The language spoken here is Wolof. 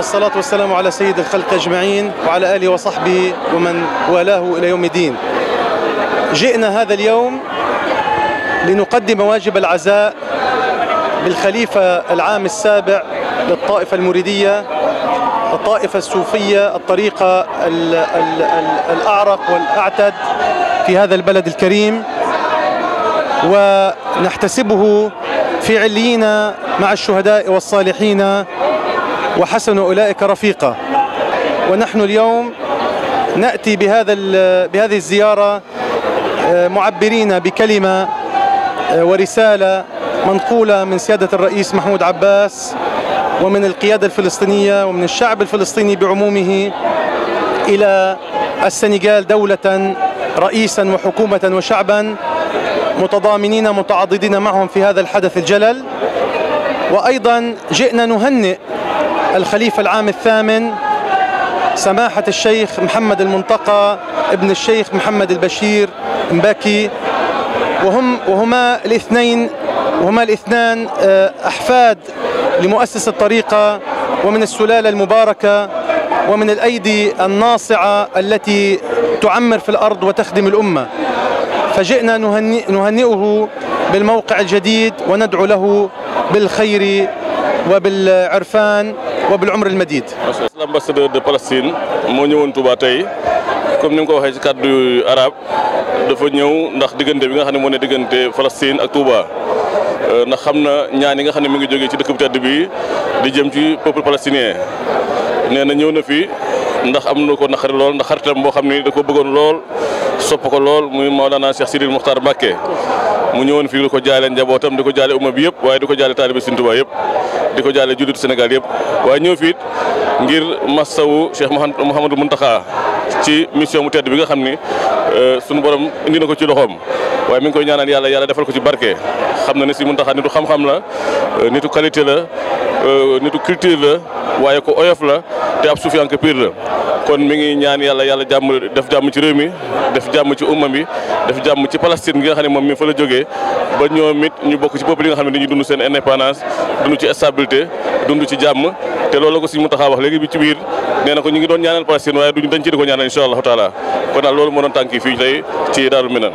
والصلاة والسلام على سيد الخلق أجمعين وعلى آله وصحبه ومن والاه إلى يوم الدين جئنا هذا اليوم لنقدم واجب العزاء بالخليفة العام السابع للطائفة المريدية الطائفة الصوفية الطريقة ال ال ال الأعرق والأعتد في هذا البلد الكريم ونحتسبه في عليين مع الشهداء والصالحين وحسن أولئك رفيقا ونحن اليوم نأتي بهذا بهذه الزيارة معبرين بكلمة ورسالة منقولة من سيادة الرئيس محمود عباس ومن القيادة الفلسطينية ومن الشعب الفلسطيني بعمومه إلى السنغال دولة رئيسا وحكومة وشعبا متضامنين متعاضدين معهم في هذا الحدث الجلل وأيضا جئنا نهنئ الخليفة العام الثامن سماحة الشيخ محمد المنطقة ابن الشيخ محمد البشير مباكي وهم وهما الاثنين وهما الاثنان أحفاد لمؤسس الطريقة ومن السلالة المباركة ومن الأيدي الناصعة التي تعمر في الأرض وتخدم الأمة فجئنا نهنئه بالموقع الجديد وندعو له بالخير وبالعرفان wa bil umri al madid l'ambassadeur de Palestine moo ñëwoon Touba tey comme ni nga ko waxee ci kàddu arab dafa ñëw ndax diggante bi nga xam ne moo ne diggante Palestine ak Touba euh, ndax xam na ñaan yi nga xam ne mi ngi jógee ci dëkk bu tedd bi di jëm ci peuple palestinien nee na ñëw na fi ndax am na ko naqari lool ndax xaritam boo xam ni da ko bëggoon lool sopp ko lool muy Maolana Cheikh Sidil Mokhtar Mbacké mu ñëwoon fii di ko jaale njabootam di ko jaale umma bi yëpp waaye di ko jaale taalibe Sëriñ Tuubaa yëpp di ko jaale jullitu Sénégal yëpp waaye ñëw fii ngir massawu Cheikh Mouhamadou Mountakha ci mission mu tedd bi nga xam ni euh, sunu borom indi na ko ci loxoom waaye mi ngi koy ñaanal yàlla yàlla defal ko ci barke xam na ne si Mountakha nitu xam-xam la euh, nitu qualité la Euh, nitu culture la waaye ko oyof la te ab suufiyanke pire la kon mi ngi ñaan yàlla yàlla jàmm def jàmm ci réew mi def jàmm ci umma bi def jàmm ci Palestine gi nga xam ne moom mi fa la jógee ba ñoom it ñu bokk ci peuple yi nga xam ne dañuy dund seen indépendance dund ci stabilité dund ci jàmm te loolu la ko Sëriñ Mountakha wax léegi bi ci biir nee na ñu ngi doon ñaanal Palestine waaye duñu dañ ci di ko ñaanal incha daal loolu moo doon fii tey ci Daaru Minam